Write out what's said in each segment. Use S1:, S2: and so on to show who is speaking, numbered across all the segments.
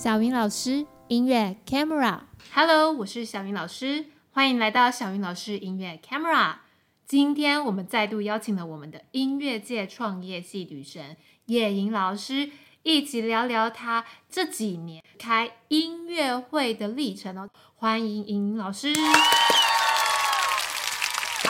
S1: 小芸老師，音樂 camera，哈嘍，Hello, 我是小芸老師，歡迎來到小芸老師音樂 camera。今天我們再度邀請了我們的音樂界創業系女神葉盈老師，一起聊聊她這幾年開音樂會的歷程哦。歡迎盈盈老師，哈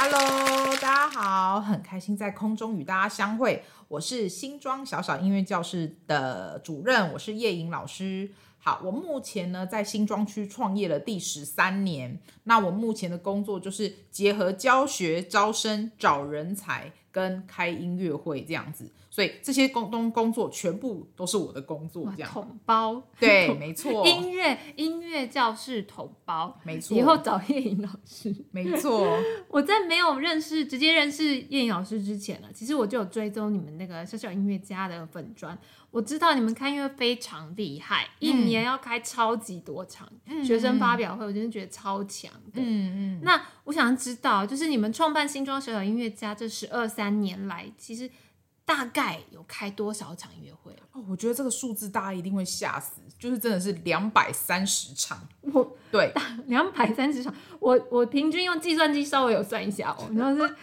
S1: 嘍。大家
S2: 好，很開心在空中與大家相會。我是新莊小小音樂教室的主任，我是葉盈老師。好，我目前呢，在新莊區創業了第十三年。那我目前的工作就是結合教學、招生、找人才跟開音樂會這樣子。對這些工東工作全部都是我的工作，這樣統
S1: 包對，沒錯。音樂音樂教室統包，沒錯。以後找葉盈老師，沒錯。 我在沒有認識直接認識葉盈老師之前呢，其實我就有追蹤你們那個小小音樂家的粉專，嗯、我知道你們開音樂非常厲害，一年要開超級多場、嗯、學生發表會，我真的覺得超強的。嗯嗯。那我想知道，就是你們創辦新莊小小音樂家這十二三年來，其實。大概有開多少場音樂會？哦，
S2: 我覺得這個數字大家一定會嚇死，就是真的是兩百三十場。我對，
S1: 兩百三十場。我我平均用計算機稍微有算一下哦，然後是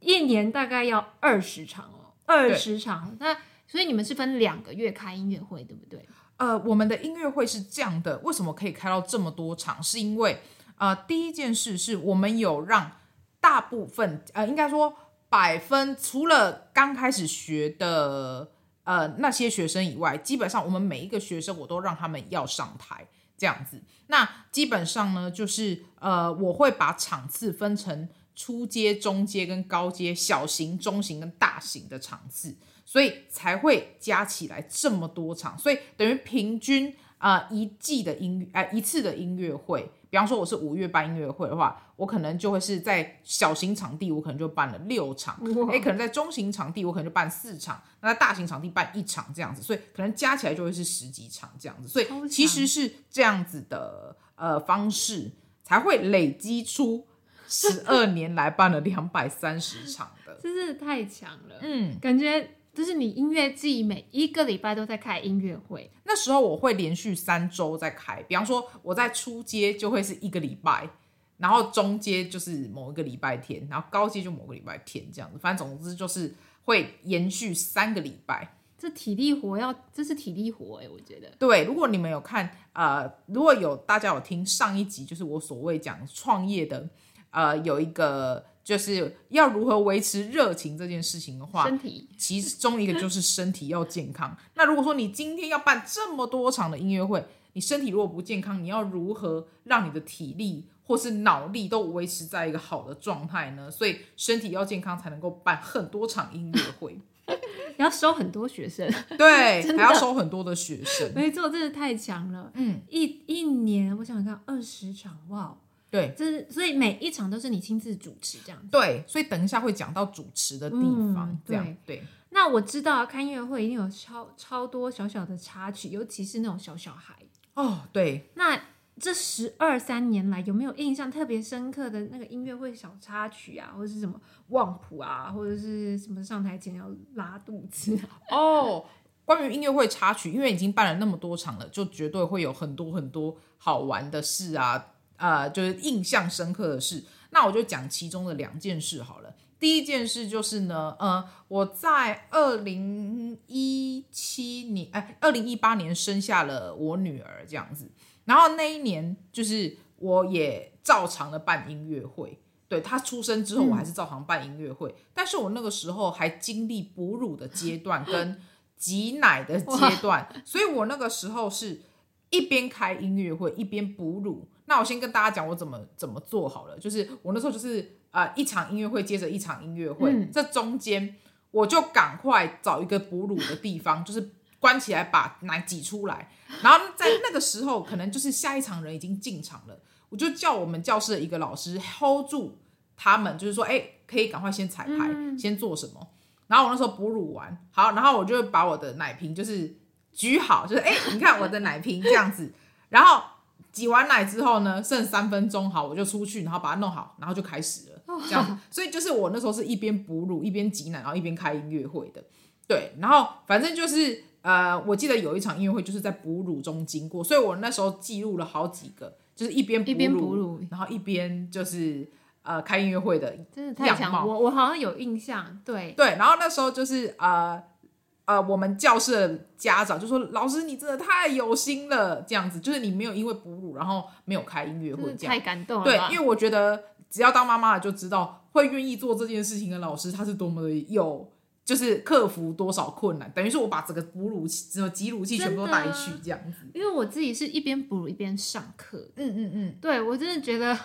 S1: 一年大概要二十場哦，二 十場。那所以你們是分兩個月開音樂會，對不對？
S2: 呃，我們的音樂會是這樣的，為什麼可以開到這麼多場？是因為呃，第一件事是我們有讓大部分呃，應該說。百分除了剛開始學的呃那些學生以外，基本上我們每一個學生我都讓他們要上台這樣子。那基本上呢，就是呃我會把場次分成初階、中階跟高階、小型、中型跟大型的場次，所以才會加起來這麼多場，所以等於平均。啊、呃，一季的音，哎、呃，一次的音樂會。比方說，我是五月辦音樂會的話，我可能就會是在小型場地，我可能就辦了六場。哎、哦欸，可能在中型場地，我可能就辦四場。那在大型場地辦一場這樣子，所以可能加起來就會是十幾場這樣子。所以其實是這樣子的，呃，方式才會累積出十二年來辦了兩百三十場
S1: 的，真是太強了。嗯，感覺。就是你音樂季每一個禮拜都在開音樂會，
S2: 那時候我會連續三周在開。比方說我在初階就會是一個禮拜，然後中階就是某一個禮拜天，然後高階就某個禮拜天這樣子。反正總之就是會延續三個禮拜。
S1: 這體力活要，這是體力活哎、欸，我覺得。
S2: 對，如果你們有看，呃，如果有大家有聽上一集，就是我所謂講創業的，呃，有一個。就是要如何維持熱情這件事情的話，身體其中一個就是身體要健康。 那如果說你今天要辦這麼多場的音樂會，你身體如果不健康，你要如何讓你的體力或是腦力都維持在一個好的狀態呢？所以身體要健康才能夠辦很多場音樂會，你 要收很多學生， 對，還要收很多的學生，沒
S1: 錯，真的太強了。嗯，一一年我想想看二十場哇。Wow. 對，就是所以每一場都是你親自主持這樣子。
S2: 對，所以等一下會講到主持的地方。這樣、嗯、對，對，
S1: 那我知道開音樂會一定有超超多小小的插曲，尤其是那種小小孩哦。對，那這十二三年來有沒有印象特別深刻的那個音樂會小插曲啊，或者是什麼忘譜啊，或者是什麼上台前要拉肚子、啊、
S2: 哦？關於音樂會插曲，因為已經辦了那麼多場了，就絕對會有很多很多好玩的事啊。呃，就是印象深刻的事，那我就講其中的兩件事好了。第一件事就是呢，呃，我在二零一七年，哎，二零一八年生下了我女兒，這樣子。然後那一年，就是我也照常的辦音樂會。對，她出生之後，我還是照常辦音樂會。嗯。但是我那個時候還經歷哺乳的階段跟擠奶的階段，所以我那個時候是一邊開音樂會，一邊哺乳。那我先跟大家講我怎麼怎麼做好了，就是我那時候就是呃一場音樂會接着一場音樂會，嗯，這中間我就趕快找一個哺乳的地方，就是關起來把奶擠出來，然後在那個時候可能就是下一場人已經進場了，我就叫我們教室的一個老師 hold 住他們，就是說哎，欸，可以趕快先彩排，嗯，先做什麼，然後我那時候哺乳完好，然後我就把我的奶瓶就是舉好，就是哎，欸，你看我的奶瓶這樣子，然後。擠完奶之後呢，剩三分鐘，好，我就出去，然後把它弄好，然後就開始了，這樣。所以就是我那時候是一邊哺乳一邊擠奶，然後一邊開音樂會的，對。然後反正就是呃，我記得有一場音樂會就是在哺乳中經過，所以我那時候記錄了好幾個，就是一邊一邊哺乳，然後一邊就是呃開音樂會的樣貌，
S1: 真的太強。我
S2: 我好像有印
S1: 象，對
S2: 對。然後那時候就是呃。呃，我們教室的家長就說：“老師，你真的太有心了，這樣子就是你沒有因為哺乳，然後沒有開音樂會，這樣太感動了。對，因為我覺得只要當媽媽的就知道會願意做這件事情的老師，他是多麼的有，就是克服多少困難。等於是我把整個哺乳、只擠乳器全部都帶去這
S1: 樣子，因為我自己是一邊哺乳一邊上課。嗯嗯嗯，對，我真的覺得，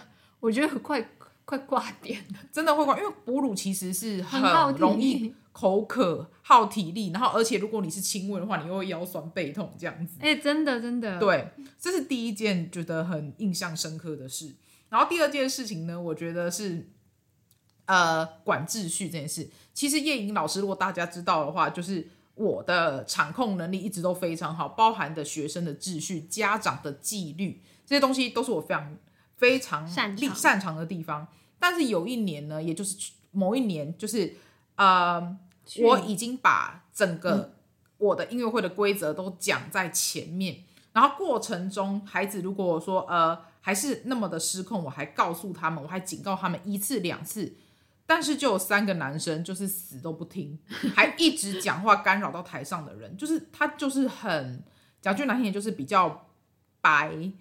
S1: 我覺得很快。”會掛電，真的會掛，因為哺乳其實是
S2: 很容易口渴，耗體力，然後而且如果你是親餵的話，你又會腰酸背痛這樣子。
S1: 哎、欸，真的，真的，對，
S2: 這是第一件覺得很印象深刻的事。然後第二件事情呢，我覺得是呃管秩序這件事。其實葉盈老師，如果大家知道的話，就是我的場控能力一直都非常好，包含的學生的秩序，家長的紀律這些東西，都是我非常。非常擅長擅長的地方，但是有一年呢，也就是某一年，就是呃，
S1: 我已
S2: 經把整個我的音樂會的規則都講在前面，嗯、然後過程中孩子如果我說呃還是那麼的失控，我還告訴他們，我還警告他們一次兩次，但是就有三個男生就是死都不聽，還一直講話干擾到台上的人， 就是他就是很講句難聽點，就是比較白。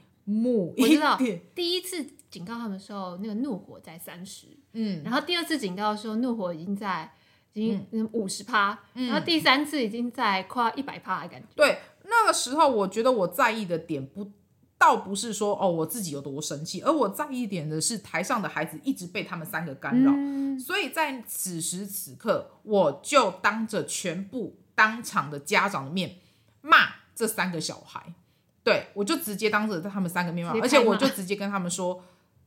S2: 我知道
S1: 第一次警告他們的時候，那個怒火在三十，嗯，然後第二次警告的時候，怒火已經在，已經五十趴，然後第三次已經在快要一百趴的感覺。
S2: 對，那個時候我覺得我在意的點不，不倒不是說哦我自己有多生氣，而我在意點的是台上的孩子一直被他們三個干擾，嗯，所以在此時此刻，我就當着全部當場的家長的面罵這三個小孩。對，我就直接當着他們三個面罵，而且我就直接跟他們說，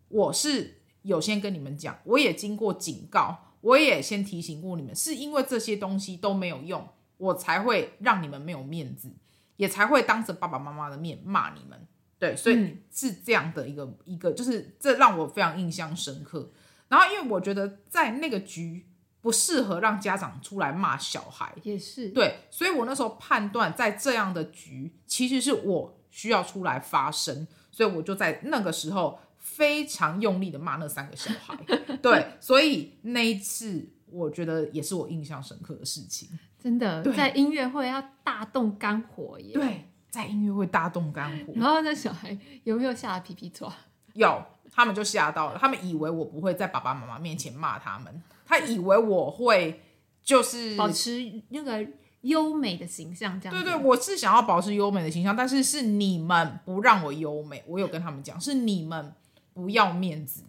S2: 我是有先跟你們講，我也經過警告，我也先提醒過你們，是因為這些東西都沒有用，我才會讓你們沒有面子，也才會當着爸爸媽媽的面罵你們。對，所以是這樣的一個、嗯、一個，就是這讓我非常印象深刻。然後，因為我覺得在那個局不適合讓家長出來罵小孩，也是對，所以我那時候判斷在這樣的局，其實是我。需要出來發聲，所以我就在那個時候非常用力的罵那三個小孩。 對，所以那一次我覺得也是我印象深刻的事情。
S1: 真的，在音樂會要大動肝火耶。對，在音樂會大動肝火。然後那小孩有沒有嚇得皮皮剉？
S2: 有，他們就嚇到了。他們以為我不會在爸爸媽媽面前罵他們，他以為我會就是保持
S1: 那個。優美的形象，這樣對，對對，我是
S2: 想要保持優美的形象，但是是你們不讓我優美，我有跟他們講，是你們不要面子，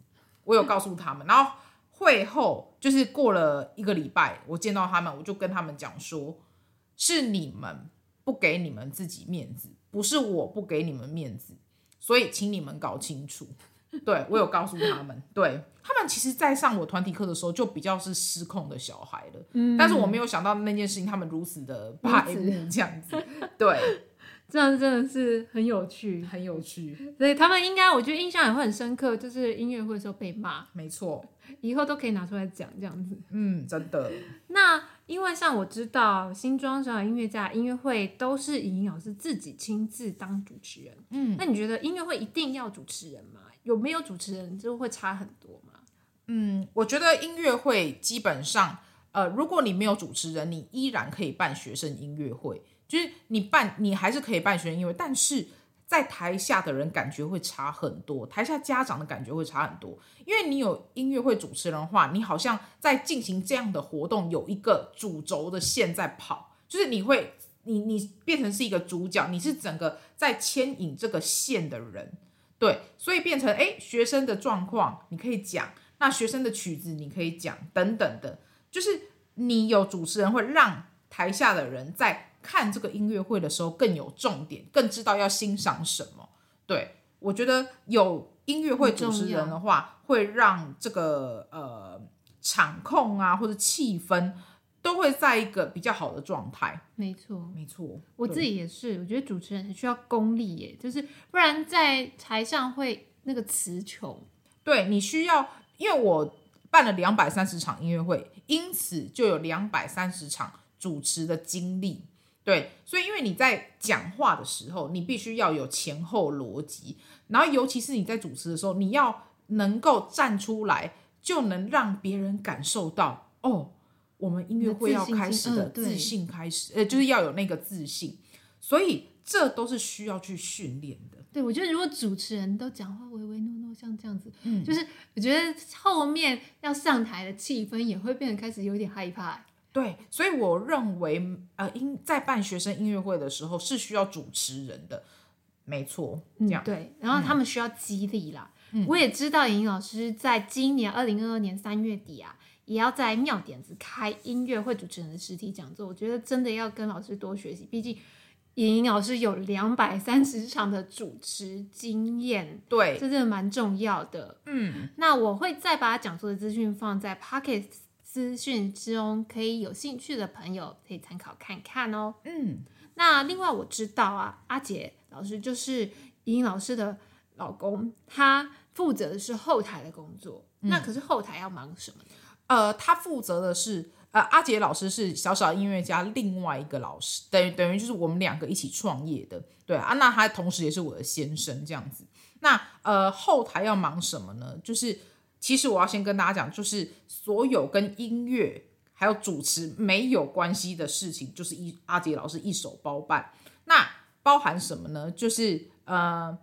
S2: 我有告訴他們。然後會後就是過了一個禮拜，我見到他們，我就跟他們講說，是你們不給你們自己面子，不是我不給你們面子，所以請你們搞清楚。 對，我有告訴他們，對他們其實，在上我團體課的時候，就比較是失控的小孩了。嗯，但是我沒有想到那件事情，他們如此的排慕這樣子。對，
S1: 這樣真的是很有趣，很有趣。所以他們應該，我覺得印象也會很深刻，就是音樂會的時候被罵。沒錯， 以後都可以拿出來講這樣子。嗯，真的。那因為像我知道，新莊小小音樂家音樂會都是葉盈老師自己親自當主持人。嗯，那你覺得音樂會一定要主持人嗎？有沒有主持人就會差很多嗎？嗯，
S2: 我覺得音樂會基本上，呃，如果你沒有主持人，你依然可以辦學生音樂會，就是你辦，你還是可以辦學生音樂會，但是在台下的人感覺會差很多，台下家長的感覺會差很多，因為你有音樂會主持人的話，你好像在進行這樣的活動，有一個主軸的線在跑，就是你會，你你變成是一個主角，你是整個在牽引這個線的人。對，所以變成誒，學生的狀況你可以講，那學生的曲子你可以講，等等的，就是你有主持人會讓台下的人在看這個音樂會的時候更有重點，更知道要欣賞什麼。對，我覺得有音樂會主持人的話，會讓這個呃場控啊或者氣氛。都會在一個比較好的狀態，沒錯，沒錯。我自己也
S1: 是，我覺得主持人很需要功力耶，就是不然在台上會那個詞
S2: 窮。對，你需要，因為我辦了兩百三十場音樂會，因此就有兩百三十場主持的經歷。對，所以因為你在講話的時候，你必須要有前後邏輯，然後尤其是你在主持的時候，你要能夠站出來，就能讓別人感受到哦。我們音樂會要開始的自信、呃、自信開始，呃，就是要有那個自信，所以這都是需要去訓練的。
S1: 對，我覺得如果主持人都講話唯唯諾諾像這樣子，嗯，就是我覺得後面要上台的氣氛也會變得開始有點害怕、欸。
S2: 對，所以我認為，呃，在辦學生音樂會的時候是需要主持人的，沒錯，這樣、嗯、對。然後他們
S1: 需要激勵啦、嗯。我也知道盈老師在今年二零二二年三月底啊，也要在妙點子開音樂會主持人的實體講座，我覺得真的要跟老師多學習。畢竟盈盈老師有兩百三十場的主持經驗，對，這真的蠻重要的。嗯，那我會再把講座的資訊放在 Pocket 資訊中，可以有興趣的朋友可以參考看看哦。嗯，那另外我知道啊，阿杰老師就是盈盈老師的老公，他負責的是後台的工作，嗯。那可是後台要忙什麼呢？呃，他負責的是，
S2: 呃，阿杰老師是小小音樂家，另外一個老師等於等於就是我們兩個一起創業的，對啊。那他同時也是我的先生，這樣子。那呃，後台要忙什麼呢？就是其實我要先跟大家講，就是所有跟音樂還有主持沒有關係的事情，就是一阿杰老師一手包辦。那包含什麼呢？就是呃，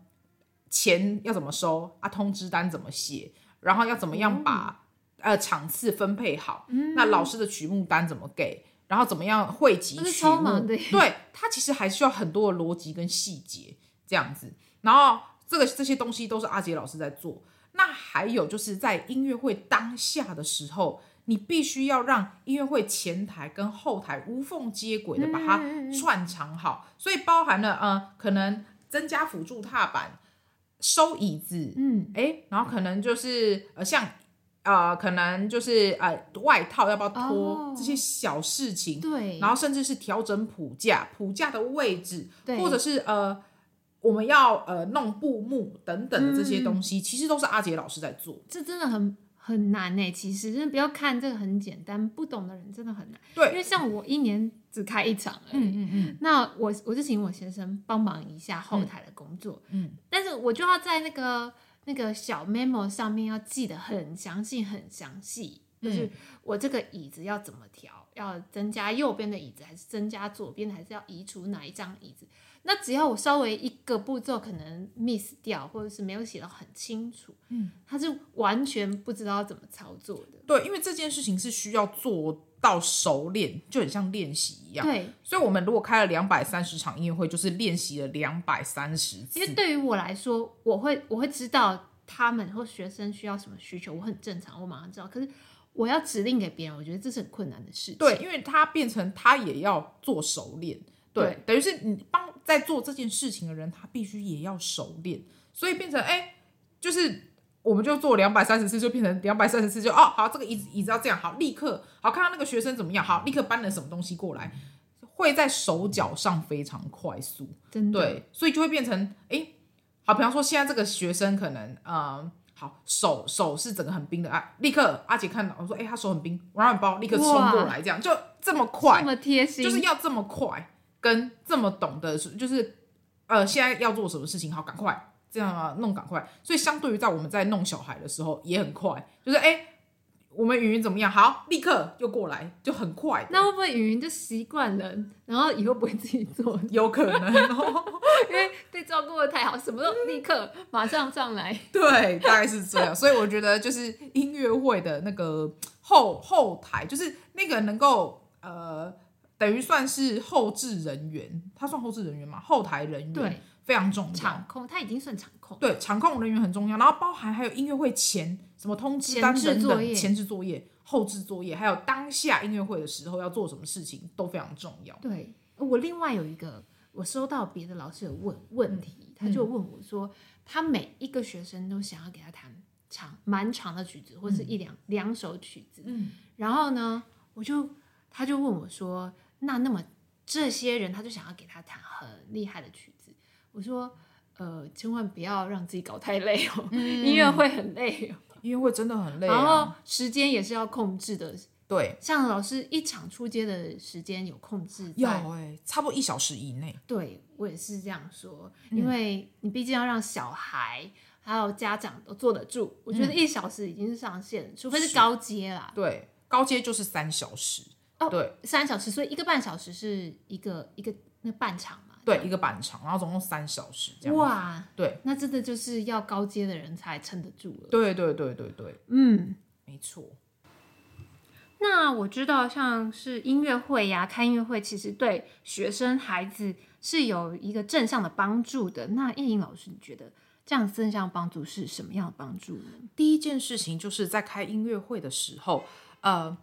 S2: 錢要怎麼收啊？通知單怎麼寫？然後要怎麼樣把、嗯？呃，場次分配好，嗯，那老師的曲目單怎麼給？然後怎麼樣匯集曲目？是，對，它其實還需要很多的邏輯跟細節這樣子。然後這個這些東西都是阿杰老師在做。那還有就是在音樂會當下的時候，你必須要讓音樂會前台跟後台無縫接軌的把它串場好，嗯。所以包含了呃，可能增加輔助踏板、收椅子，嗯，誒、欸，然後可能就是呃像。呃，可能就是呃，外套要不要脫這些小事情，oh, 對，然後甚至是調整譜架、譜架的位置，對，或者是呃，我們要呃弄布幕等等的這些東西、嗯，其實都是阿杰老師在做。
S1: 這真的很很難呢、欸，其實真的不要看這個很簡單，不懂的人真的很難。對，因為像我一年只開一場，嗯嗯嗯，那我我就請我先生幫忙一下後台的工作，嗯，嗯但是我就要在那個。那個小 memo 上面要記得很詳細，很詳細，就是我這個椅子要怎麼調、嗯，要增加右邊的椅子，還是增加左邊的，還是要移除哪一張椅子？那只要我稍微一個步驟可能 miss 掉，或者是沒有寫得很清楚，嗯，他是完全不知道怎麼操作的。
S2: 對，因為這件事情是需要做的。到熟練就很像練習一樣。對，所以我們如果開了兩百三十場音樂會，就是練習了兩百三十次。其實對於
S1: 我來說，我會我會知道他們或學生需要什麼需求，我很正常，我馬上知道。可是我要指令給別人，我覺得這是很困難的事情。對，因為他變成他也要做熟練，對，對，等於是你幫
S2: 在做這件事情的人，他必須也要熟練，所以變成哎，就是。我們就做兩百三十次，就變成兩百三十次就，就哦。好，這個椅子椅子要這樣，好，立刻，好，看到那個學生怎麼樣，好，立刻搬了什麼東西過來，會在手腳上非常快速真的，對，所以就會變成，哎、欸，好，比方說現在這個學生可能，嗯、呃，好，手手是整個很冰的啊，立刻阿姐看到我說，哎、欸，他手很冰，暖暖包立刻衝過來，這樣就這麼快，這麼貼心，就是要這麼快，跟這麼懂得，就是呃，現在要做什麼事情，好，趕快。這樣啊，弄趕快，所以相對於在我們在弄小孩的時候也很快，就是哎、欸，我們語音怎麼樣？好，立刻就過來，
S1: 就很快。那會不會語音就習慣了，然後以後不會自己做？有可能哦， 因為對照顧的太好，什麼都立刻馬上上來。
S2: 對，大概是這樣。所以我覺得就是音樂會的那個後後台，就是那個能夠呃，等於算是後製人員，他算後製人員嘛，後台人員。對。非常重要。場
S1: 控他已經算場
S2: 控。對，場控人員很重要。然後包含還有音樂會前什麼通知單等的前置作業、前置作業、後置作業，還有當下音樂會的
S1: 時候要做什麼事情都非常重要。對，我另外有一個，我收到別的老師有問問題、嗯，他就問我說，他每一個學生都想要給他彈長蠻長的曲子，或者是一兩兩、嗯、首曲子。嗯，然後呢，我就他就問我說，那那麼這些人，他就想要給他彈很厲害的曲子。我說，呃，千萬不要讓自己搞太累哦。嗯，音樂會很累哦，嗯，音樂會真的很累啊。然後時間也是要控制的。對，像老師一場初階的時間有控制，有哎、欸，
S2: 差不多一小時以
S1: 內。對，我也是這樣說，因為你畢竟要讓小孩還有家長都坐得住。嗯、我覺得一小時已經是上限，除非是高階啦。
S2: 對，高階就是三小時。哦，對，
S1: 三小時，所以一個半小時是一個一個那半場。對，一
S2: 個半場，然後總共三小時這樣。哇，對，那
S1: 真的就是要高階的人才撐得住了。對
S2: 對對對對，嗯，沒錯。
S1: 那我知道，像是音樂會呀，開音樂會其實對學生孩子是有一個正向的幫助的。那葉盈老師，你覺得這樣正向幫助是什麼樣的幫助呢？
S2: 第一件事情就是在開音樂會的時候，呃，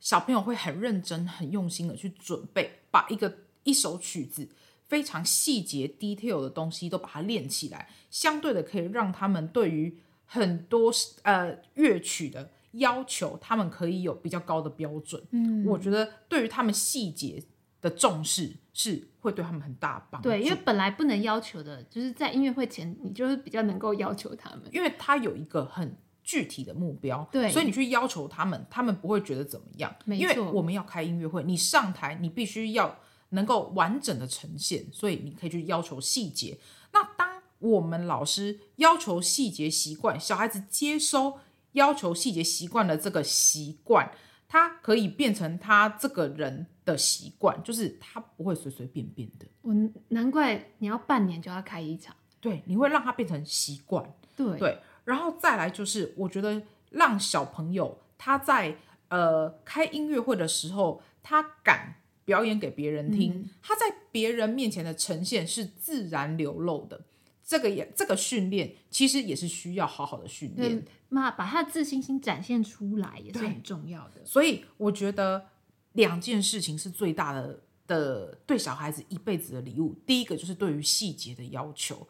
S2: 小朋友會很認真、很用心的去準備，把一個一首曲子。非常細節 detail 的東西都把它練起來，相對的可以讓他們對於很多呃樂曲的要求，他們可以有比較高的標準。嗯，我覺得對於他們細節的重視是會對他們很大幫助。對，因為
S1: 本來不能要求的，就是在音樂會前、嗯、你就是比較能夠要求他們，因
S2: 為他有一個很具體的目標，對，所以你去要求他們，他們不會覺得怎麼樣。沒錯，因為我們要開音樂會，你上台你必須要。能夠完整的呈現，所以你可以去要求細節。那當我們老師要求細節習慣，小孩子接收要求細節習慣的這個習慣，他可以變成他這個人的習慣，就是他不會隨隨便便的。
S1: 我難怪你要半年就要開一場。對，你會讓他變成習慣。對對，然後再
S2: 來就是，我覺得讓小朋友他在呃開音樂會的時候，他敢。表演給別人聽，他、嗯、在別人面前的呈現是自然流露的。這個也這個訓練其實也是需要好好的訓練。
S1: 對，那把他的自信心展現出來也是很重要的。
S2: 所以我覺得兩件事情是最大的的對小孩子一輩子的禮物。第一個就是對於細節的要求。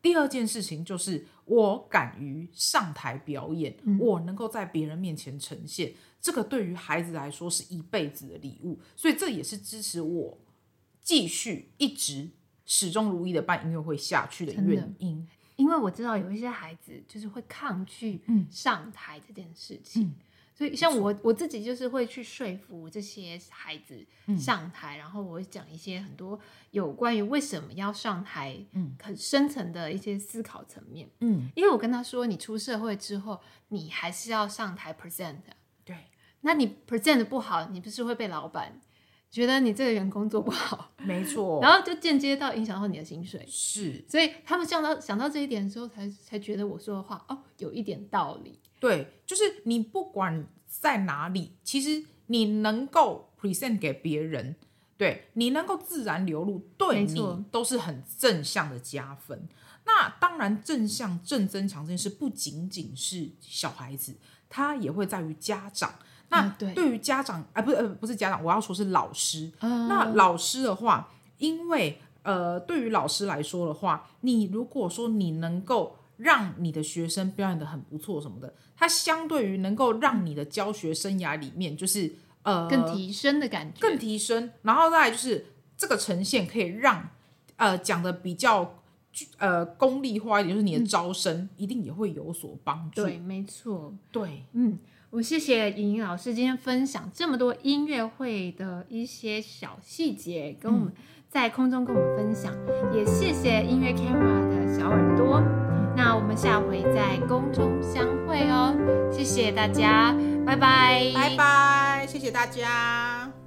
S2: 第二件事情就是，我敢於上台表演，嗯、我能夠在別人面前呈現，這個對於孩子來說是一輩子的禮物，所以這也是支持我繼續一直始終如一的辦音樂會下去的原
S1: 因。因為我知道有一些孩子就是會抗拒上台這件事情。嗯嗯所以，像我我自己就是會去說服這些孩子上台，嗯、然後我會講一些很多有關於為什麼要上台，嗯，很深層的一些思考層面，嗯，因為我跟他說，你出社會之後，你還是要上台 present，對，那你 present 的不好，你不是會被老闆覺得你這個員工做不好，沒錯，然後就間接到影響到你的薪水，是，所以他們想到想到這一點的時候才，才才覺得我說的話哦，有一點道理。
S2: 對，就是你不管在哪裡，其實你能夠 present 給別人，對你能夠自然流露，對你都是很正向的加分。那當然，正向正增強這件事不僅僅是小孩子，他也會在於家長。那對於家長啊，不、嗯、是呃，不是家長，我要說是老師。嗯、那老師的話，因為呃，對於老師來說的話，你如果說你能夠。讓你的學生表演得很不錯，什麼的，它相對於能夠讓你的教學生涯裡面，就是呃更提升的感覺，更提升。然後再來就是這個呈現可以讓呃講得比較呃功利化一點，就是你的招生、嗯、一定也會有所幫助。對，
S1: 沒錯，對，嗯，我謝謝盈盈老師今天分享這麼多音樂會的一些小細節，跟我們、嗯、在空中跟我們分享，也謝謝音樂 camera 的小耳朵。那我們下回在空中相會哦，謝謝大家，拜拜，拜拜，謝謝大家。